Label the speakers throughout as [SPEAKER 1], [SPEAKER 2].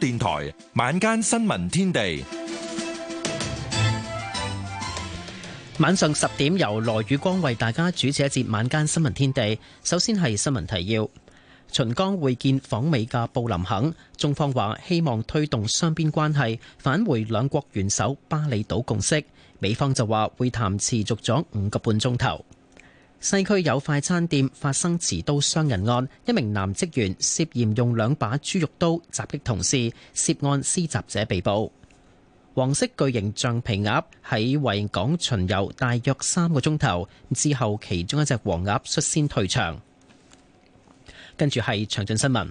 [SPEAKER 1] 電台晚間
[SPEAKER 2] 新聞天地，晚上
[SPEAKER 3] 十點由羅宇光為大家主持一節晚間新聞天地。首先係新聞提要：秦剛會見訪美嘅布林肯，中方話希望推動雙邊關係返回兩國元首巴厘島共識，美方就話會談持續咗五個半鐘頭。西區有快餐店發生持刀傷人案，一名男職員涉嫌用兩把豬肉刀襲擊同事，涉案施襲者被捕。黃色巨型橡皮鴨喺維港巡遊大約三個鐘頭，之後其中一隻黃鴨率先退場。跟住係詳盡新聞。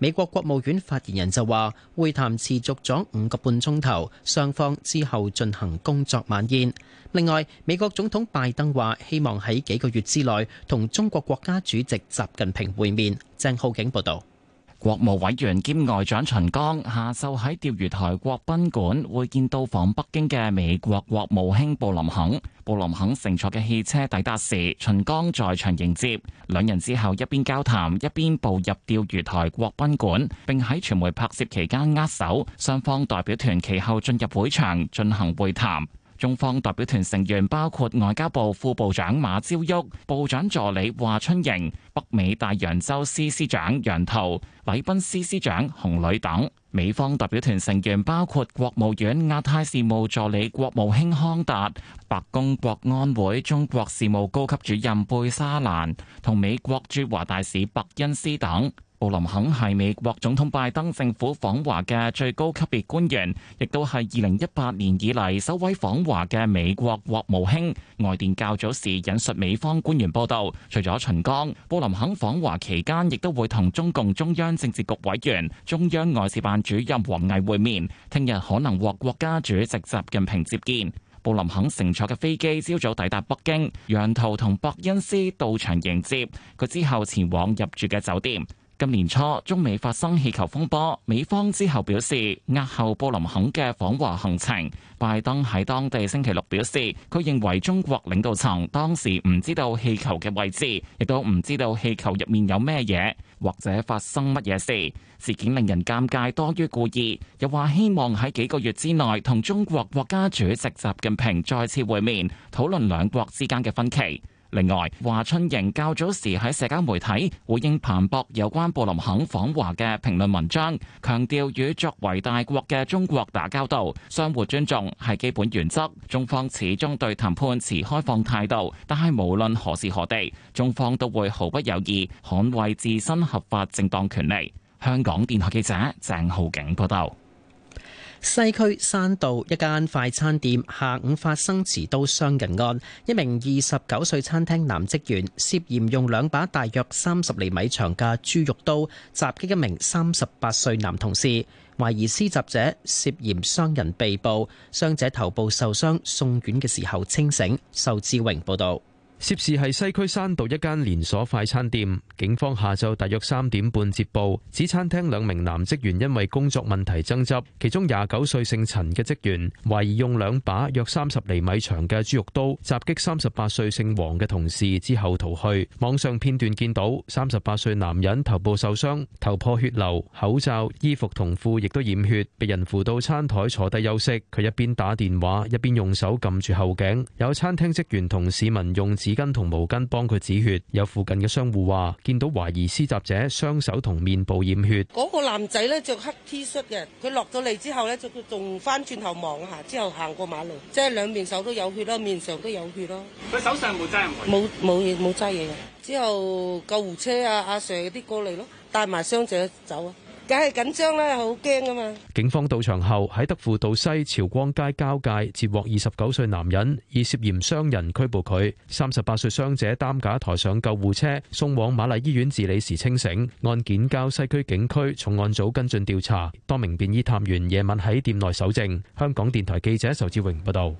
[SPEAKER 3] 美國國務院發言人就話，會談持續咗五個半鐘頭，雙方之後進行工作晚宴。另外，美國總統拜登話，希望喺幾個月之內同中國國家主席習近
[SPEAKER 4] 平會面。鄭浩景報導。國務委員兼外長秦剛下晝喺釣魚台國賓館會見到訪北京嘅美國國務卿布林肯。布林肯乘坐嘅汽車抵達時，秦剛在場迎接。兩人之後一邊交談，一邊步入釣魚台國賓館，並喺傳媒拍攝期間握手。雙方代表團其後進入會場進行會談。中方代表團成員包括外交部副部長馬朝旭、部長助理華春瑩、北美大洋洲司司長楊濤、禮賓司司長洪磊等；美方代表團成員包括國務院亞太事務助理國務卿康達、白宮國安會中國事務高級主任貝沙蘭同美國駐華大使伯恩斯等。布林肯係美國總統拜登政府訪華嘅最高級別官員，亦都係二零一八年以嚟首位訪華嘅美國國務卿。外電較早時引述美方官員報道，除咗秦剛，布林肯訪華期間亦都會同中共中央政治局委員、中央外事辦主任王毅會面。聽日可能獲國家主席習近平接見。布林肯乘坐嘅飛機朝早抵達北京，楊濤同博恩斯到場迎接。佢之後前往入住嘅酒店。今年初，中美發生氣球風波，美方之後表示押後布林肯嘅訪華行程。拜登喺當地星期六表示，佢認為中國領導層當時唔知道氣球嘅位置，亦都唔知道氣球入面有咩嘢，或者發生乜嘢事。事件令人尷尬多於故意，又話希望喺幾個月之內同中國國家主席習近平再次會面，討論兩國之間嘅分歧。另外，華春瑩較早時喺社交媒體回應彭博有關布林肯訪華嘅評論文章，強調與作為大國嘅中國打交道，相互尊重係基本原則。中方始終對談判持開放態度，但係無論何時何地，中方都會毫不猶豫捍衛自身合法正當權利。香港電台記者鄭浩景報道。西區山道一間快餐店下午發生持刀傷人
[SPEAKER 3] 案，一名二十九歲餐廳男職員涉嫌用兩把大約三十厘米長嘅豬肉刀襲擊一名三十八歲男同事，懷疑施襲者涉嫌傷人被捕，傷者頭部受傷，送院嘅時候清醒。
[SPEAKER 5] 仇志榮報道。涉事喺西區山道一間連鎖快餐店，警方下晝大約三點半接報，指餐廳兩名男職員因為工作問題爭執，其中廿九歲姓陳嘅職員懷疑用兩把約三十厘米長嘅豬肉刀襲擊三十八歲姓黃嘅同事之後逃去。網上片段見到三十八歲男人頭部受傷，頭破血流，口罩、衣服同褲亦都染血，被人扶到餐台坐低休息，佢一邊打電話一邊用手撳住後頸。有餐廳職員同市民用紙巾同毛巾幫佢止血。有附近嘅商戶話，見到懷疑施襲者雙手同面部染血。
[SPEAKER 6] 嗰個男仔咧着黑 T 恤嘅，佢落咗嚟之後咧，就佢仲翻轉頭望下，之後行過馬路，即係兩邊手都有血咯，面上都
[SPEAKER 5] 有血咯。
[SPEAKER 6] 佢手上冇揸，冇冇冇揸嘢嘅。之後救護車啊，阿 sir 啲過嚟咯，帶埋傷者走啊。梗係緊張啦，好驚
[SPEAKER 5] 啊嘛！警方到場後喺德輔道西、朝光街交界截獲二十九歲男人，以涉嫌傷人拘捕佢。三十八歲傷者擔架抬上救護車，送往瑪麗醫院治理時清醒。案件交西區警區重案組跟進調查。多名便衣探員夜晚喺店內搜證。香港電台記者仇志榮報導。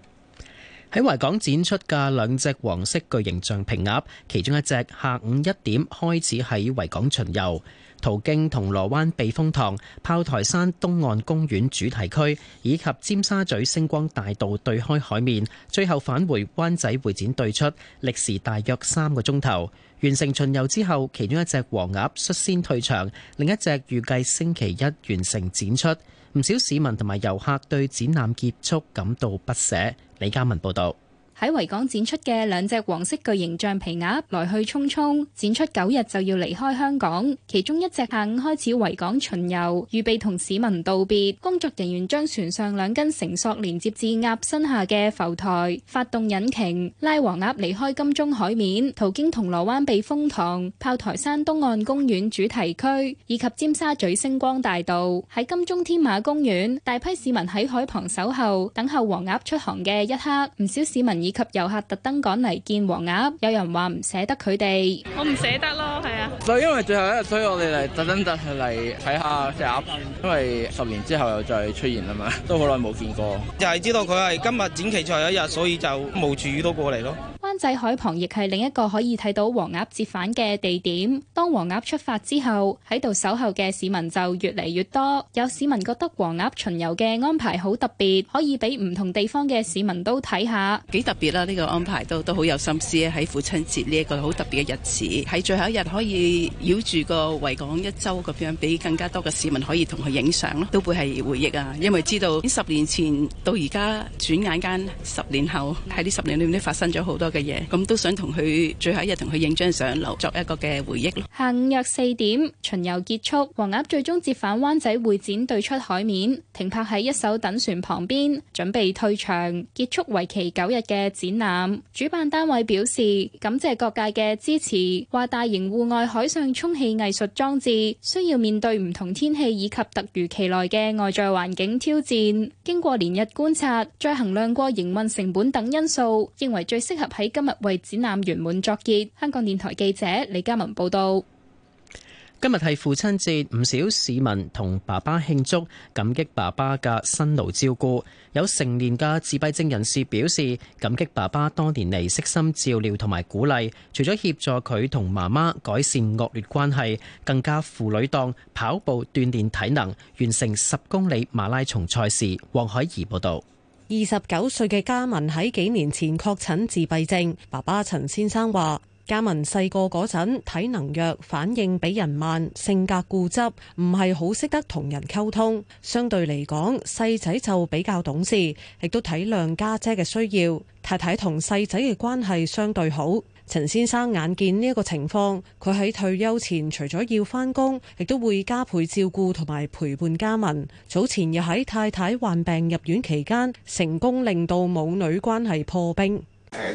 [SPEAKER 5] 喺維港展出
[SPEAKER 3] 嘅兩隻黃色巨型象皮鴨，其中一隻下午一點開始喺維港巡遊。途經銅鑼灣避風塘、炮台山東岸公園主題區以及尖沙咀星光大道對開海面，最後返回灣仔會展對出，歷時大約三個鐘頭。完成巡遊之後，其中一隻黃鴨率先退場，另一隻預計星期一完成展出。唔少市民同埋遊客對展覽結束感到不捨。李嘉文報道。
[SPEAKER 7] 喺維港展出嘅兩隻黃色巨型橡皮鴨來去匆匆，展出九日就要離開香港。其中一隻下午開始維港巡遊，預備同市民道別。工作人員將船上兩根繩索連接至鴨身下嘅浮台，發動引擎，拉黃鴨離開金鐘海面，途經銅鑼灣避風塘、炮台山東岸公園主題區以及尖沙咀星光大道。喺金鐘添馬公園，大批市民喺海旁守候，等候黃鴨出航嘅一刻。唔少市民以及遊客特登趕嚟見黃鴨，有人話唔捨得佢哋，我唔捨得咯，係啊。
[SPEAKER 4] 就係因為最後一日，所以我哋嚟特登特去嚟睇下隻鴨，因為十年之後又再出現啊嘛，都好耐冇見過，
[SPEAKER 5] 又係知道佢係今日展期最後一日，所以就無處躲過嚟咯。
[SPEAKER 7] 灣仔海旁亦係另一個可以睇到黃鴨折返嘅地點。當黃鴨出發之後，喺度守候嘅市民就越嚟越多。有市民覺得黃鴨巡遊嘅安排好特別，可以俾唔同地方嘅市民都睇下。
[SPEAKER 6] 幾特別啦，呢個安排都都好有心思。喺父親節呢一個好特別嘅日子，喺最後一日可以繞住個維港一周咁樣，俾更加多嘅市民可以同佢影相咯，都會係回憶啊。因為知道十年前到而家，轉眼間十年後，喺呢十年裏面都發生咗好多嘅。咁都想同佢最後一日同佢影張相留作一個嘅回憶咯。下午約
[SPEAKER 7] 四點巡遊結束，黃鴨最終折返灣仔會展對出海面，停泊喺一艘等船旁邊，準備退場，結束為期九日嘅展覽。主辦單位表示感謝各界嘅支持，話大型戶外海上充氣藝術裝置需要面對唔同天氣以及突如其來嘅外在環境挑戰，經過連日觀察，再衡量過營運成本等因素，認為最適合喺今日為展覽圓滿作結。香港電台記者李嘉文報道：
[SPEAKER 3] 今日係父親節，唔少市民同爸爸慶祝，感激爸爸嘅辛勞照顧。有成年嘅自閉症人士表示，感激爸爸多年嚟悉心照料同埋鼓勵。除咗協助佢同媽媽改善惡劣關係，更加父女檔跑步鍛鍊體能，完成十公里馬拉松賽事。黃海怡報道。
[SPEAKER 6] 二十九歲嘅嘉文喺幾年前確診自閉症。爸爸陳先生話，嘉文細個嗰陣體能弱，反應比人慢，性格固執，唔係好識得同人溝通。相對嚟講，細仔就比較懂事，亦都體諒家姐嘅需要。太太同細仔嘅關係相對好。陳先生眼見呢一個情況，佢喺退休前除咗要翻工，亦都會加倍照顧同埋陪伴家民。早前又喺太太患病入院期間，成功令到母女關係破冰。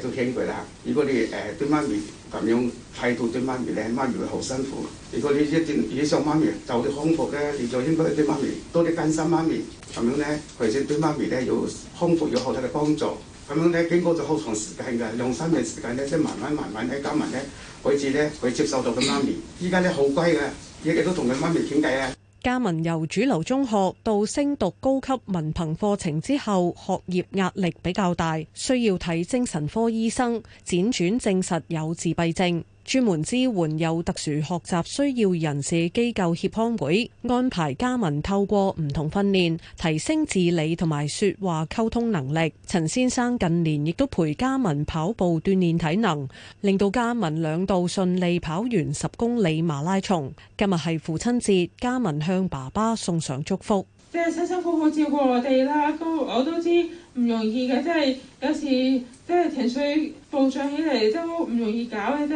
[SPEAKER 1] 都聽過啦，如果你對媽咪咁樣態度對媽咪，媽咪會好辛苦。如果你一見你想媽咪就你康復咧，你就應該對媽咪多啲關心媽咪，咁樣咧，首先對媽咪咧有康復有好的幫助。咁樣咧，經過咗好長時間㗎，用三年時間咧，即係慢慢慢慢咧，嘉文咧開始咧，佢接受到佢媽咪。依家咧好乖嘅，日日都同佢媽咪傾偈啊。
[SPEAKER 6] 嘉文由主流中學到升讀高級文憑課程之後，學業壓力比較大，需要睇精神科醫生，輾轉證實有自閉症。專門支援有特殊學習需要人士機構協康會安排嘉文透過唔同訓練提升自理同埋説話溝通能力。陳先生近年亦都陪嘉文跑步鍛鍊體能，令到嘉文兩度順利跑完十公里馬拉松。今日係父親節，嘉文向爸爸送上祝福。
[SPEAKER 5] 即係辛辛苦苦照顧我哋啦，咁我都知唔容易嘅。即係有時即係情緒暴漲起嚟都唔容易搞嘅。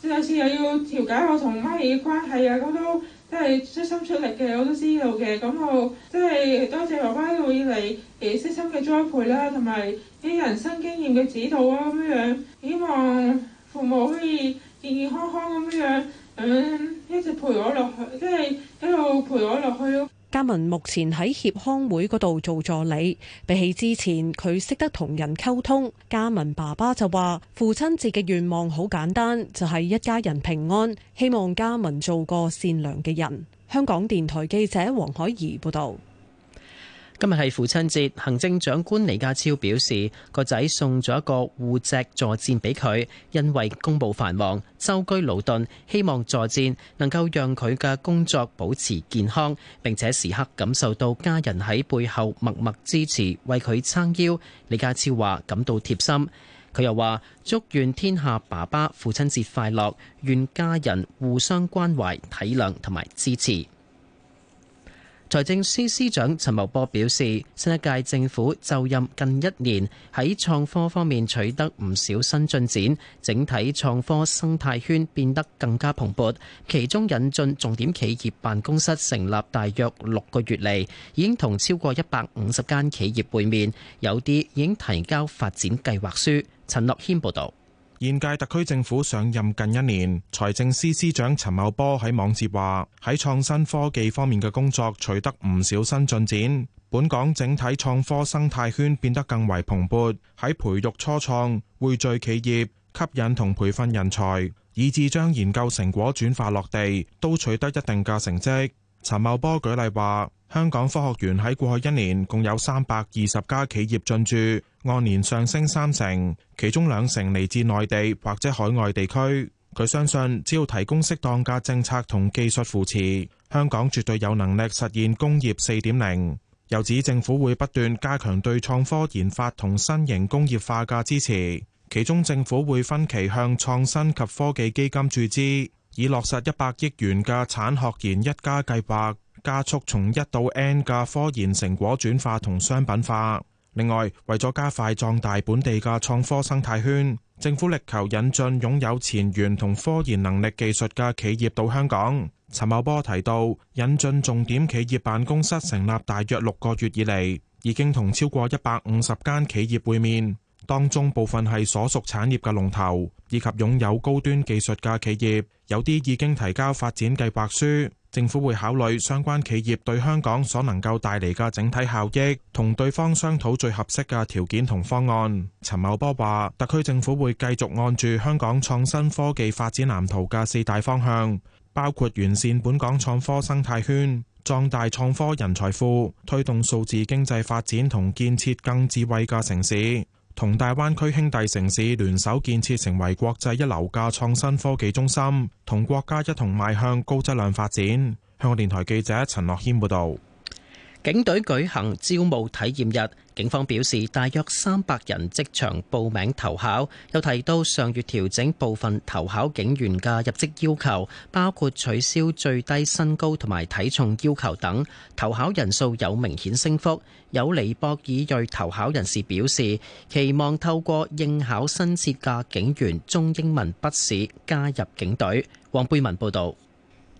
[SPEAKER 5] 即係有時又要調解我同媽咪嘅關係啊，咁都即係出心出力嘅，我都知道嘅。咁我即係多謝爸爸一路以嚟誒悉心嘅栽培啦，同埋啲人生經驗嘅指導啊咁樣。希望父母可以健健康康咁樣咁一直陪我落去，即係一路陪我落去咯。
[SPEAKER 6] 嘉文目前喺協康會嗰度做助理，比起之前，佢識得同人溝通。嘉文爸爸就話，父親節嘅願望好簡單，就係、是、一家人平安，希望嘉文做個善良嘅人。香港電台記者黃海怡報道。
[SPEAKER 3] 今日係父親節，行政長官李家超表示，個仔送咗一個護脊坐墊俾佢，因為公務繁忙、周居勞頓，希望坐墊能夠讓佢嘅工作保持健康，並且時刻感受到家人喺背後默默支持，為佢撐腰。李家超話感到貼心，佢又話祝願天下爸爸父親節快樂，願家人互相關懷、體諒同埋支持。財政司司長陳茂波表示，新一屆政府就任近一年，喺創科方面取得唔少新進展，整體創科生態圈變得更加蓬勃。其中引進重點企業辦公室成立大約六個月嚟，已經同超過一百
[SPEAKER 1] 五十間企業會面，有啲已經提交發展計劃書。陳諾軒報導。現屆特區政府上任近一年，財政司司長陳茂波喺網誌話：喺創新科技方面嘅工作取得唔少新進展，本港整體創科生態圈變得更為蓬勃。喺培育初創、匯聚企業、吸引同培訓人才，以至將研究成果轉化落地，都取得一定嘅成績。陳茂波舉例話，香港科學園喺過去一年共有三百二十家企業進駐，按年上升三成，其中兩成嚟自內地或者海外地區。佢相信，只要提供適當嘅政策同技術扶持，香港絕對有能力實現工業四點零。又指政府會不斷加強對創科研發同新型工業化嘅支持，其中政府會分期向創新及科技基金注資。已落實一百億元嘅產學研一家計劃，加速從一到 N 嘅科研成果轉化同商品化。另外，為咗加快壯大本地嘅創科生態圈，政府力求引進擁有前沿同科研能力技術嘅企業到香港。陳茂波提到，引進重點企業辦公室成立大約六個月以嚟，已經同超過一百五十間企業會面。當中部分係所屬產業嘅龍頭，以及擁有高端技術嘅企業，有啲已經提交發展計劃書。政府會考慮相關企業對香港所能夠帶嚟嘅整體效益，同對方商討最合適嘅條件同方案。陳茂波話，特區政府會繼續按住香港創新科技發展藍圖嘅四大方向，包括完善本港創科生態圈、壯大創科人才庫、推動數字經濟發展同建設更智慧嘅城市。同大灣區兄弟城市聯手建設，成為國際一流嘅創新科技中心，同國家一同邁向高質量發展。香港電台記者陳樂軒報導。警隊舉行
[SPEAKER 3] 招募體驗日，警方表示大約三百人即場報名投考，又提到上月調整部分投考警員嘅入職要求，包括取消最低身高同埋體重要求等。投考人數有明顯升幅，有尼泊爾裔投考人士表示，期望透過應考新設嘅警員中英文筆試加入警隊。黃貝文報導。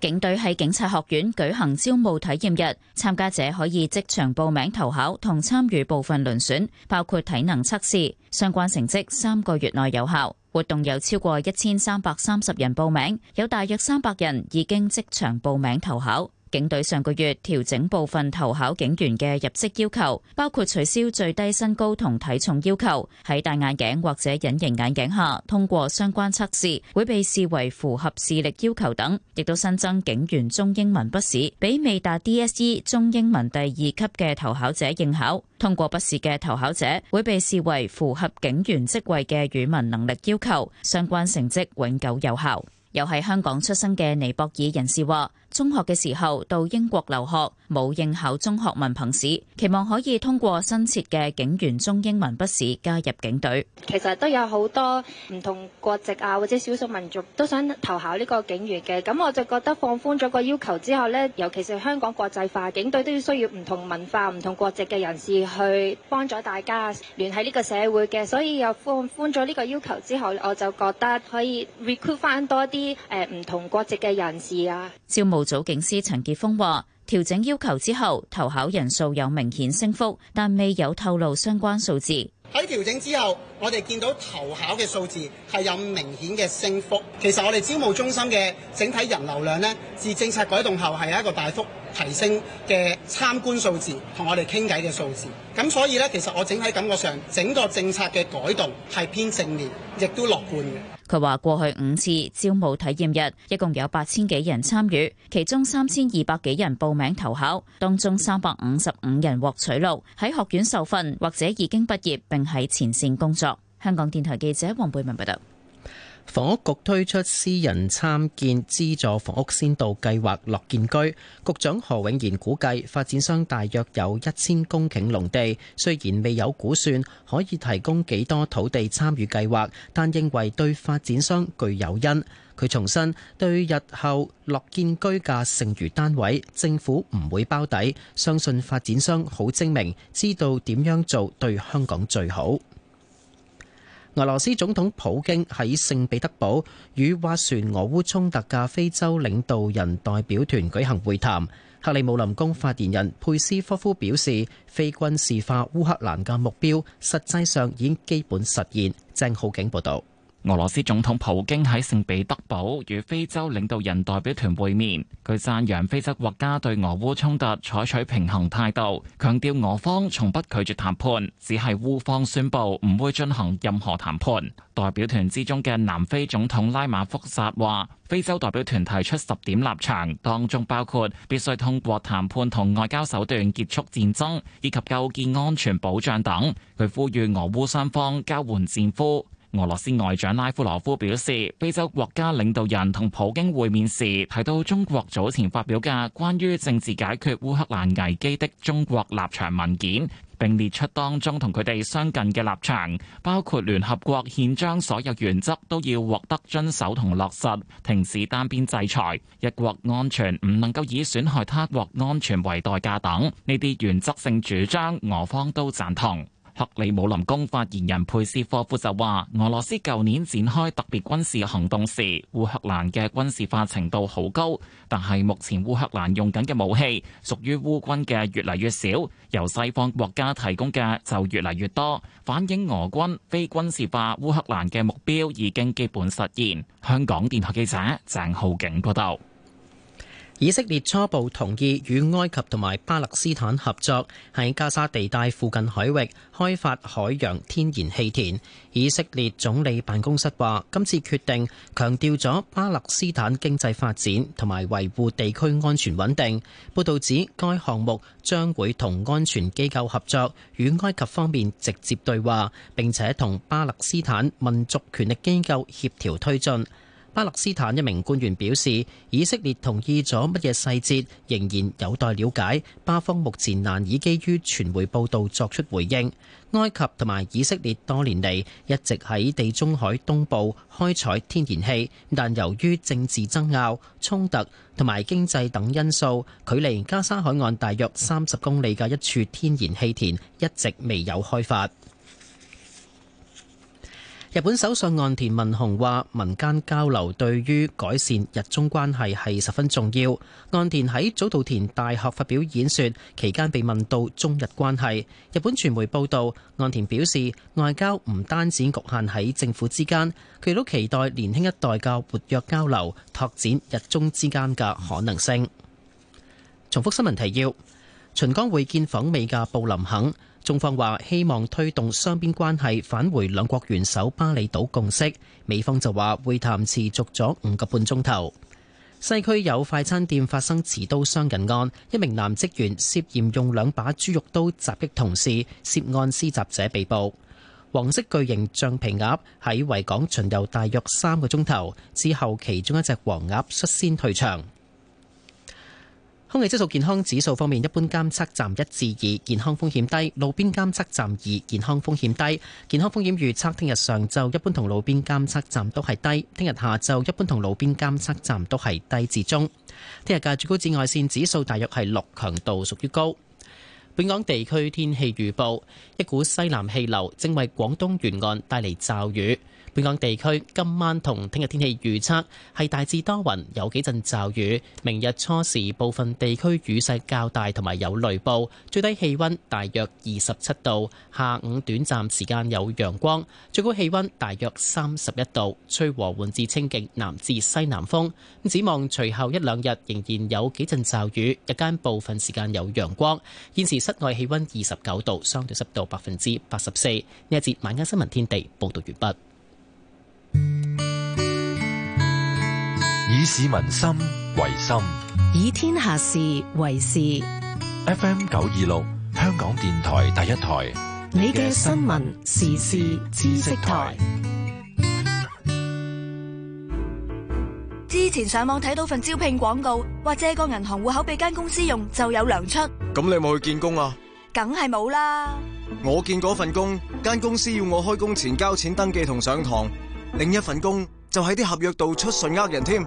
[SPEAKER 8] 警隊喺警察學院舉行招募體驗日，參加者可以即場報名投考同參與部分遴選，包括體能測試，相關成績三個月內有效。活動有超過一千三百三十人報名，有大約三百人已經即場報名投考。警隊上個月調整部分投考警員嘅入職要求，包括取消最低身高同體重要求，喺戴眼鏡或者隱形眼鏡下通過相關測試會被視為符合視力要求等，亦都新增警員中英文筆試，俾未達 DSE 中英文第二級嘅投考者應考。通過筆試嘅投考者會被視為符合警員職位嘅語文能力要求，相關成績永久有效。又喺香港出生嘅尼泊爾人士話，中學嘅時候到英國留學，冇應考中學文憑試，期望可以通過新設嘅警員中英文筆試加入警隊。
[SPEAKER 7] 其實都有好多唔同國籍啊，或者少數民族都想投考呢個警員嘅。咁我就覺得放寬咗個要求之後咧，尤其是香港國際化警隊都要需要唔同文化、唔同國籍嘅人士去幫助大家聯繫呢個社會嘅。所以又放寬咗呢個要求之後，我就覺得可以 recruit 翻多啲誒唔同國籍嘅人士啊，
[SPEAKER 8] 招募。組警司陳杰峰話，調整要求之後，投考人數有明顯升幅，但未有透露相關數字。
[SPEAKER 5] 喺調整之後，我哋見到投考嘅數字係有明顯嘅升幅。其實我哋招募中心嘅整體人流量呢，自政策改動後係一個大幅提升嘅參觀數字，同我哋傾偈嘅
[SPEAKER 2] 數字。咁所以呢，其實我整體感覺上，整個政策嘅改動係偏正面，亦都樂觀嘅。
[SPEAKER 8] 佢話：過去五次招募體驗日，一共有八千幾人參與，其中三千二百幾人報名投考，當中三百五十五人獲取錄喺學院受訓，或者已經畢業並喺前線工作。香港電台記者黃貝文報道。
[SPEAKER 3] 房屋局推出私人參建資助房屋先導計劃樂建居，局長何永賢估計發展商大約有一千公頃農地，雖然未有估算，可以提供幾多土地參與計劃，但認為對發展商具誘因。佢重申對日後樂建居嘅剩餘單位，政府唔會包底，相信發展商好精明，知道點樣做對香港最好。俄羅斯總統普京喺聖彼得堡與斡旋俄烏衝突嘅非洲領導人代表團舉行會談。克里姆林宮發言人佩斯科夫表示，非
[SPEAKER 4] 軍事化烏克蘭嘅目標實際上已經基本實現。鄭浩景報導。俄羅斯總統普京喺聖彼得堡與非洲領導人代表團會面，佢讚揚非洲國家對俄烏衝突採取平衡態度，強調俄方從不拒絕談判，只係烏方宣布唔會進行任何談判。代表團之中嘅南非總統拉馬福薩話，非洲代表團提出十點立場，當中包括必須通過談判同外交手段結束戰爭，以及構建安全保障等。佢呼籲俄烏雙方交換戰俘。俄羅斯外長拉夫羅夫表示，非洲國家領導人同普京會面時提到中國早前發表嘅關於政治解決烏克蘭危機的中國立場文件，並列出當中同佢哋相近嘅立場，包括聯合國憲章所有原則都要獲得遵守同落實，停止單邊制裁，一國安全唔能夠以損害他國安全為代價等，呢啲原則性主張，俄方都贊同。克里姆林宮發言人佩斯科夫就話：俄羅斯舊年展開特別軍事行動時，烏克蘭嘅軍事化程度好高，但係目前烏克蘭用緊嘅武器屬於烏軍嘅越嚟越少，由西方國家提供嘅就越嚟越多，反映俄軍非軍事化烏克蘭嘅目標已經基本實現。香港電台記者鄭浩景報道。
[SPEAKER 3] 以色列初步同意與埃及同埋巴勒斯坦合作，喺加沙地帶附近海域開發海洋天然氣田。以色列總理辦公室話今次決定強調咗巴勒斯坦經濟發展同埋維護地區安全穩定。報道指該項目將會同安全機構合作，與埃及方面直接對話，並且同巴勒斯坦民族權力機構協調推進。巴勒斯坦一名官員表示，以色列同意咗乜嘢細節仍然有待了解，巴方目前難以基於傳媒報道作出回應。埃及同埋以色列多年嚟一直喺地中海東部開採天然氣，但由於政治爭拗、衝突同埋經濟等因素，距離加沙海岸大約三十公里嘅一處天然氣田一直未有開發。日本首相岸田文雄話民間交流對於改善日中關係係十分重要。岸田喺早稻田大學發表演說期間被問到中日關係，日本傳媒報道，岸田表示外交唔單止局限喺政府之間，佢都期待年輕一代嘅活躍交流，拓展日中之間嘅可能性。重複新聞提要。秦剛會見訪美嘅布林肯，中方話希望推動雙邊關係返回兩國元首巴厘島共識。美方就話會談持續咗五個半鐘頭。西區有快餐店發生持刀傷人案，一名男職員涉嫌用兩把豬肉刀襲擊同事，涉案施襲者被捕。黃色巨型橡皮鴨喺維港巡遊大約三個鐘頭，之後其中一隻黃鴨率先退場。空氣質素健康指數方面，一般監測站一至二，健康風險低；路邊監測站二，健康風險低。健康風險預測聽日上晝一般同路邊監測站都係低，聽日下晝一般同路邊監測站都係低至中。聽日嘅最高紫外線指數大約係六，強度屬於高。本港地區天氣預報：一股西南氣流正為廣東沿岸帶嚟驟雨。本港地區今晚同聽日天氣預測係大致多雲，有幾陣驟雨。明日初時部分地區雨勢較大，同埋有雷暴。最低氣溫大約二十七度，下午短暫時間有陽光。最高氣溫大約三十一度，吹和緩至清勁南至西南風，指望隨後一兩日仍然有幾陣驟雨，日間部分時間有陽光。現時室外氣溫二十九度，相對濕度百分之八十四。呢一節晚間新聞天地報道完畢。
[SPEAKER 2] 以市民心為心，
[SPEAKER 6] 以天下事為事。
[SPEAKER 2] FM 九二六，香港電台第一台，
[SPEAKER 6] 你嘅新聞時事知識台。
[SPEAKER 8] 之前上網睇到份招聘廣告，話借個銀行戶口俾間公司用就有糧出。
[SPEAKER 2] 咁你有冇去見工啊？
[SPEAKER 8] 梗係冇啦。
[SPEAKER 2] 我見嗰份工，間公司要我開工前交錢登記同上堂；另一份工就喺啲合約度出信呃人添。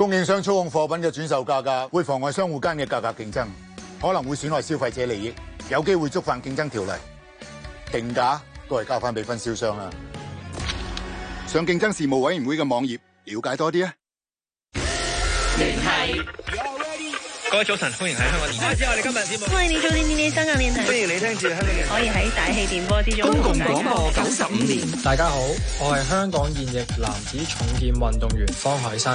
[SPEAKER 2] 供應商操控貨品嘅轉售價格，會妨礙商戶間嘅價格競爭，可能會損害消費者利益，有機會觸犯競爭條例。定價都係交翻俾分銷商啦。上競爭事務委員會嘅網頁了解多啲啊！連各位早
[SPEAKER 1] 晨，歡
[SPEAKER 5] 迎喺香港
[SPEAKER 6] 電台。歡迎你做電電電香港電台。歡迎你聽住香港電台。可以喺大氣電
[SPEAKER 2] 波之中。公共廣播九十五年。大家好，我係香港現役男子重劍運動員方海生。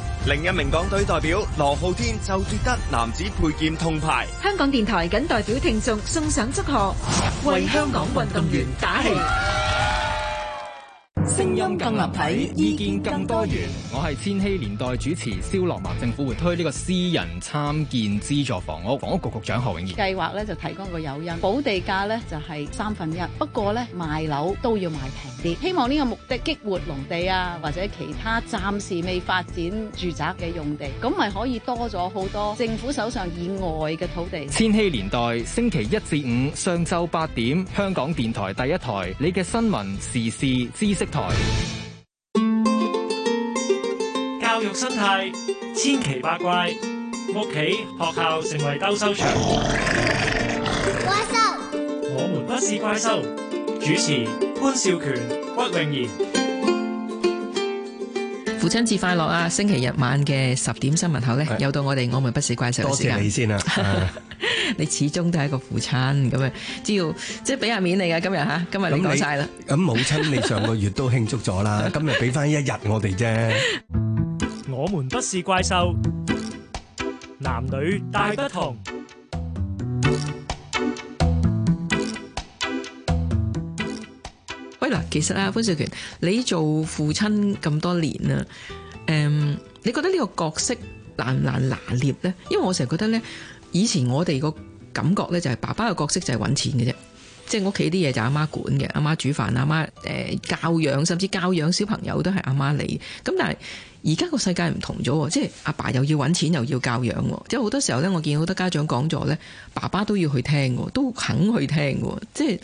[SPEAKER 2] 另一名港隊代表羅浩天就奪得男子佩劍銅牌。
[SPEAKER 7] 香港電台謹
[SPEAKER 8] 代表聽眾送上祝賀，為香港
[SPEAKER 5] 運動員打氣。聲音更立體，意見更多元。我係千禧年代主持蕭樂文。政府會推呢個私人參建資助房屋，房屋局局長何永賢
[SPEAKER 6] 計劃呢，就提供個誘因，保地價呢就係三分一。不過呢，賣樓都要賣平啲，希望呢個目的激活農地啊或者其他暫時未發展住宅嘅用地，咁咪可以多咗好多政府手上以外嘅土地。
[SPEAKER 5] 千禧年代星期一至五上晝八點，香港電台第一台，你嘅新聞時事知識。台
[SPEAKER 4] 教育生態千奇百怪，屋企學校成為鬥獸場。怪獸，我們不是怪獸。主持潘少權、屈穎妍。父親節快樂啊！星期日晚嘅十點新聞後咧，又到我哋我們不是怪獸嘅時間。多謝你先啦，你始終都係一個父親咁啊！只要即係俾下面你嘅今日嚇，今日講曬啦。咁母親
[SPEAKER 2] 你上個月都慶祝咗啦，今日俾翻一日我哋啫。
[SPEAKER 4] 我們不是怪獸，男女大不同。喂嗱，其實啊，潘少權，你做父親咁多年啦，誒、嗯，你覺得呢個角色難唔難拿捏咧？因為我成日覺得咧，以前我哋個感覺咧就係爸爸嘅角色就係揾錢嘅啫，即係屋企啲嘢就阿媽管嘅，阿媽，媽煮飯、阿媽誒、呃、教養，甚至教養小朋友都係阿媽嚟。咁但係而家個世界唔同咗喎，即係阿爸，爸又要揾錢又要教養喎。即係好多時候咧，我見好多家長講座咧，爸爸都要去聽嘅，都肯去聽嘅，即係。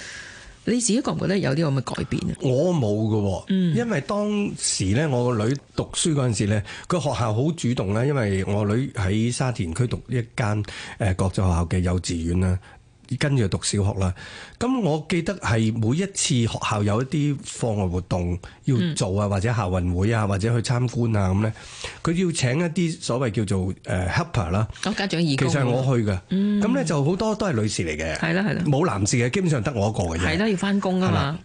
[SPEAKER 4] 你自己覺唔覺得有啲咁嘅改變啊？我
[SPEAKER 2] 冇㗎，嗯、因為當時咧，我個女讀書嗰陣時咧，佢學校好主動咧，因為我女喺沙田區讀一間誒國際學校嘅幼稚園啦。跟住讀小學啦，咁我記得係每一次學校有一啲課外活動要做啊，或者校運會啊，或者去參觀啊咁咧，佢要請一啲所謂叫做誒、呃、helper 啦。
[SPEAKER 7] 咁、哦、家長義工其實係我去
[SPEAKER 2] 嘅，咁咧、嗯、就好多都係女士嚟嘅，係啦，係啦，冇男士嘅，基本上得我一個嘅啫。係啦，要返工啊嘛。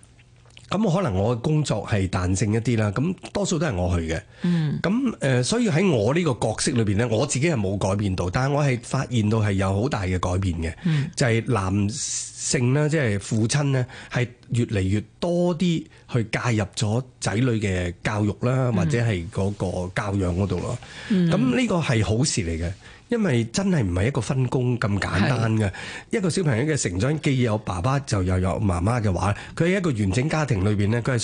[SPEAKER 2] 咁可能我嘅工作係彈性一啲啦，咁多數都係我去嘅。咁誒、嗯嗯，所以喺我呢個角色裏邊咧，我自己係冇改變到，但係我係發現到係有好大嘅改變嘅、嗯，就係男性啦，即係父親呢，係越嚟越多啲去介入咗仔女嘅教育啦，嗯、或者係嗰個教養嗰度咯。
[SPEAKER 8] 咁呢、嗯、
[SPEAKER 2] 個係好事嚟嘅。因為真係唔係一個分工咁簡單嘅，是一個小朋友嘅成長既有爸爸就又有媽媽嘅話，佢喺一個完整家庭裏邊咧，佢係。